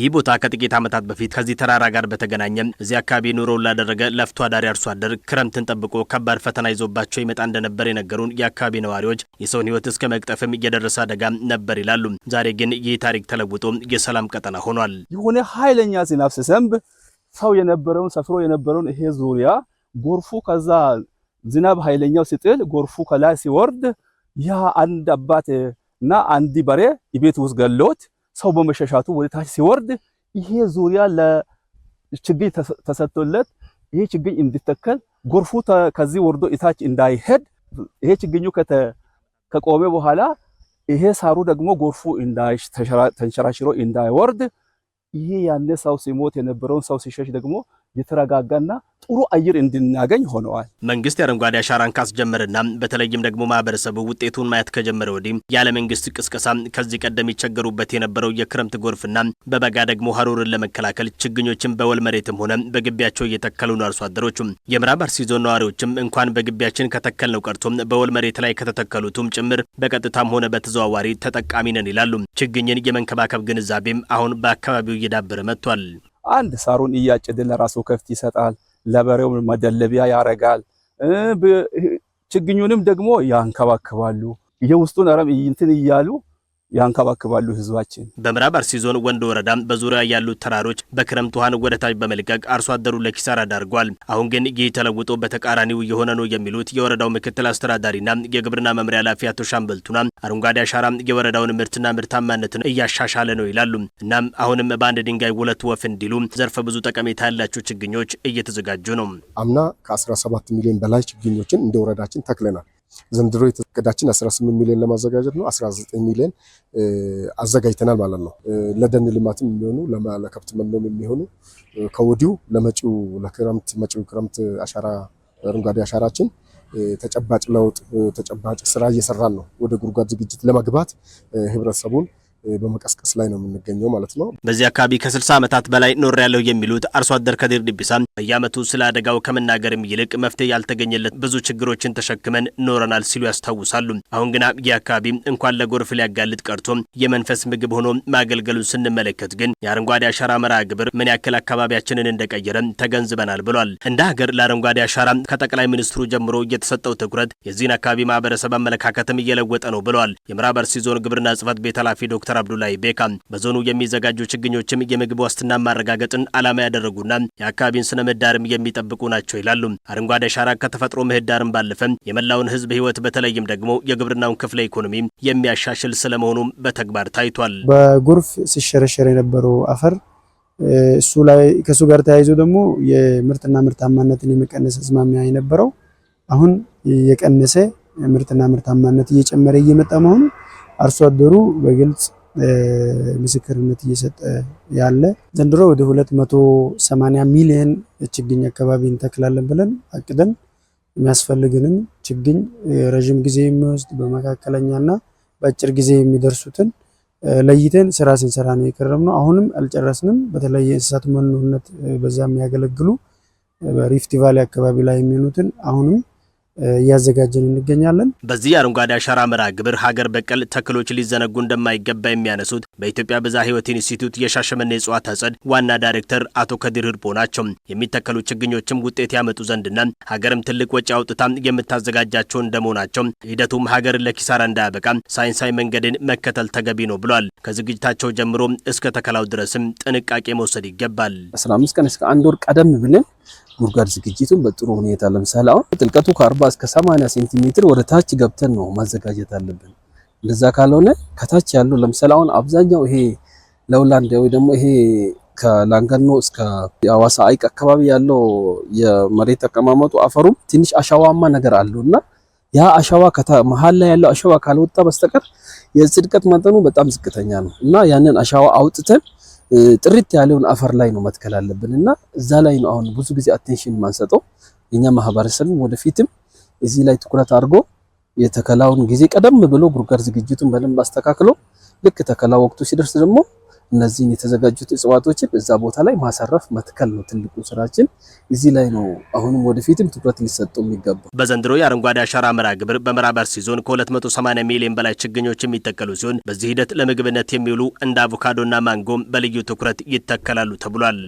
ይህ ቦታ ከጥቂት ዓመታት በፊት ከዚህ ተራራ ጋር በተገናኘ እዚህ አካባቢ ኑሮውን ላደረገ ለፍቶ አዳሪ አርሶ አደር ክረምትን ጠብቆ ከባድ ፈተና ይዞባቸው ይመጣ እንደነበር የነገሩን የአካባቢ ነዋሪዎች የሰውን ሕይወት እስከ መቅጠፍም እየደረሰ አደጋ ነበር ይላሉ። ዛሬ ግን ይህ ታሪክ ተለውጦ የሰላም ቀጠና ሆኗል። የሆነ ኃይለኛ ዝናብ ሲዘንብ ሰው የነበረውን ሰፍሮ የነበረውን ይሄ ዙሪያ ጎርፉ ከዛ ዝናብ ኃይለኛው ሲጥል ጎርፉ ከላይ ሲወርድ ያ አንድ አባት እና አንዲ በሬ ቤት ውስጥ ገሎት ሰው በመሻሻቱ ወደ ታች ሲወርድ ይሄ ዙሪያ ለችግኝ ተሰጥቶለት ይሄ ችግኝ እንዲተከል ጎርፉ ከዚህ ወርዶ እታች እንዳይሄድ ይሄ ችግኙ ከቆመ በኋላ ይሄ ሳሩ ደግሞ ጎርፉ ተንሸራሽሮ እንዳይወርድ ይሄ ያኔ ሰው ሲሞት የነበረውን ሰው ሲሸሽ ደግሞ የተረጋጋና ጥሩ አየር እንድናገኝ ሆነዋል። መንግስት የአረንጓዴ አሻራን ካስጀመረና በተለይም ደግሞ ማህበረሰቡ ውጤቱን ማየት ከጀመረ ወዲህ ያለ መንግስት ቅስቀሳ ከዚህ ቀደም ይቸገሩበት የነበረው የክረምት ጎርፍና በበጋ ደግሞ ሀሩርን ለመከላከል ችግኞችን በወል መሬትም ሆነ በግቢያቸው እየተከሉ ነው። አርሶ አደሮቹ የምዕራብ አርሲ ዞን ነዋሪዎችም እንኳን በግቢያችን ከተከልነው ቀርቶም በወል መሬት ላይ ከተተከሉትም ጭምር በቀጥታም ሆነ በተዘዋዋሪ ተጠቃሚ ነን ይላሉ። ችግኝን የመንከባከብ ግንዛቤም አሁን በአካባቢው እየዳበረ መጥቷል። አንድ ሳሩን እያጨደ ለራሱ ከፍት ይሰጣል፣ ለበሬው መደለቢያ ያረጋል፣ ችግኙንም ደግሞ ያንከባክባሉ። የውስጡን አረም እንትን እያሉ ያንከባክባሉ ህዝባችን። በምዕራብ አርሲ ዞን ወንድ ወረዳ በዙሪያ ያሉት ተራሮች በክረምት ውሃን ወደ ታች በመልቀቅ አርሶ አደሩ ለኪሳራ ዳርጓል። አሁን ግን ይህ ተለውጦ በተቃራኒው የሆነ ነው የሚሉት የወረዳው ምክትል አስተዳዳሪና የግብርና መምሪያ ኃላፊ አቶ ሻምበልቱና አረንጓዴ አሻራ የወረዳውን ምርትና ምርታማነትን እያሻሻለ ነው ይላሉ። እናም አሁንም በአንድ ድንጋይ ሁለት ወፍ እንዲሉ ዘርፈ ብዙ ጠቀሜታ ያላቸው ችግኞች እየተዘጋጁ ነው። አምና ከ17 ሚሊዮን በላይ ችግኞችን እንደ ወረዳችን ተክለናል። ዘንድሮ የተቀዳችን 18 ሚሊዮን ለማዘጋጀት ነው። 19 ሚሊዮን አዘጋጅተናል ማለት ነው። ለደን ልማትም የሚሆኑ ለከብት መኖም የሚሆኑ ከወዲሁ ለመጪው ለክረምት መጪው ክረምት አሻራ አረንጓዴ አሻራችን ተጨባጭ ለውጥ ተጨባጭ ስራ እየሰራን ነው። ወደ ጉድጓድ ዝግጅት ለመግባት ህብረተሰቡን በመቀስቀስ ላይ ነው የምንገኘው ማለት ነው። በዚህ አካባቢ ከ60 ዓመታት በላይ ኖር ያለው የሚሉት አርሶ አደር ከዲር ዲቢሳ በየዓመቱ ስለ አደጋው ከመናገርም ይልቅ መፍትሄ ያልተገኘለት ብዙ ችግሮችን ተሸክመን ኖረናል ሲሉ ያስታውሳሉ። አሁን ግና ይህ አካባቢ እንኳን ለጎርፍ ሊያጋልጥ ቀርቶ የመንፈስ ምግብ ሆኖ ማገልገሉን ስንመለከት ግን የአረንጓዴ አሻራ መርሃ ግብር ምን ያክል አካባቢያችንን እንደቀየረ ተገንዝበናል ብሏል። እንደ ሀገር ለአረንጓዴ አሻራ ከጠቅላይ ሚኒስትሩ ጀምሮ የተሰጠው ትኩረት የዚህን አካባቢ ማህበረሰብ አመለካከትም እየለወጠ ነው ብለዋል። የምዕራብ አርሲ ዞን ግብርና ጽፈት ቤት ኃላፊ ዶክተር ዶክተር አብዱላይ ቤካ በዞኑ የሚዘጋጁ ችግኞችም የምግብ ዋስትና ማረጋገጥን ዓላማ ያደረጉና የአካባቢን ስነ ምህዳርም የሚጠብቁ ናቸው ይላሉ። አረንጓዴ አሻራ ከተፈጥሮ ምህዳርን ባለፈ የመላውን ህዝብ ህይወት በተለይም ደግሞ የግብርናውን ክፍለ ኢኮኖሚ የሚያሻሽል ስለመሆኑም በተግባር ታይቷል። በጎርፍ ሲሸረሸር የነበረው አፈር እሱ ላይ ከእሱ ጋር ተያይዞ ደግሞ የምርትና ምርታማነትን የመቀነስ አዝማሚያ የነበረው አሁን የቀነሰ ምርትና ምርታማነት እየጨመረ እየመጣ መሆኑ አርሶ አደሩ በግልጽ ምስክርነት እየሰጠ ያለ ዘንድሮ ወደ 280 ሚሊዮን ሚሊየን ችግኝ አካባቢ እንተክላለን ብለን አቅደን የሚያስፈልግንን ችግኝ ረዥም ጊዜ የሚወስድ በመካከለኛና በአጭር ጊዜ የሚደርሱትን ለይተን ስራ ስንሰራ ነው ነው። አሁንም አልጨረስንም። በተለይ የእንስሳት መኖነት በዛ የሚያገለግሉ በሪፍት ቫሊ አካባቢ ላይ የሚሆኑትን አሁንም እያዘጋጀን እንገኛለን። በዚህ የአረንጓዴ አሻራ መርሃ ግብር ሀገር በቀል ተክሎች ሊዘነጉ እንደማይገባ የሚያነሱት በኢትዮጵያ ብዝሃ ሕይወት ኢንስቲትዩት የሻሸመኔ እጽዋት አጸድ ዋና ዳይሬክተር አቶ ከዲር ህርቦ ናቸው። የሚተከሉ ችግኞችም ውጤት ያመጡ ዘንድና ሀገርም ትልቅ ወጪ አውጥታ የምታዘጋጃቸው እንደመሆናቸው ሂደቱም ሀገር ለኪሳራ እንዳያበቃ ሳይንሳዊ መንገድን መከተል ተገቢ ነው ብሏል። ከዝግጅታቸው ጀምሮ እስከ ተከላው ድረስም ጥንቃቄ መውሰድ ይገባል። አስራ አምስት ቀን እስከ አንድ ወር ቀደም ብለን ጉድጓድ ዝግጅቱን በጥሩ ሁኔታ ለምሳሌ አሁን ጥልቀቱ ከ40 እስከ 80 ሴንቲሜትር ወደ ታች ገብተን ነው ማዘጋጀት አለብን። እንደዛ ካልሆነ ከታች ያለው ለምሳሌ አሁን አብዛኛው ይሄ ለውላንድ ወይ ደግሞ ይሄ ከላንጋኖ እስከ አዋሳ ሐይቅ አካባቢ ያለው የመሬት አቀማመጡ አፈሩም ትንሽ አሸዋማ ነገር አለውና ያ አሸዋ መሀል ላይ ያለው አሸዋ ካልወጣ በስተቀር የጽድቀት መጠኑ በጣም ዝቅተኛ ነው እና ያንን አሸዋ አውጥተን ጥርት ያለውን አፈር ላይ ነው መትከል አለብን እና እዛ ላይ ነው አሁን ብዙ ጊዜ አቴንሽን ማንሰጠው። የኛ ማህበረሰብም ወደፊትም እዚህ ላይ ትኩረት አድርጎ የተከላውን ጊዜ ቀደም ብሎ ጉርጋር ዝግጅቱን በደንብ አስተካክሎ ልክ ተከላ ወቅቱ ሲደርስ ደግሞ እነዚህን የተዘጋጁት እጽዋቶችን እዛ ቦታ ላይ ማሳረፍ መትከል ነው ትልቁ ስራችን። እዚህ ላይ ነው አሁንም ወደፊትም ትኩረት ሊሰጠው የሚገባው። በዘንድሮ የአረንጓዴ አሻራ መርሃ ግብር በምዕራብ አርሲ ዞን ከ280 ሚሊዮን በላይ ችግኞች የሚተከሉ ሲሆን በዚህ ሂደት ለምግብነት የሚውሉ እንደ አቮካዶና ማንጎም በልዩ ትኩረት ይተከላሉ ተብሏል።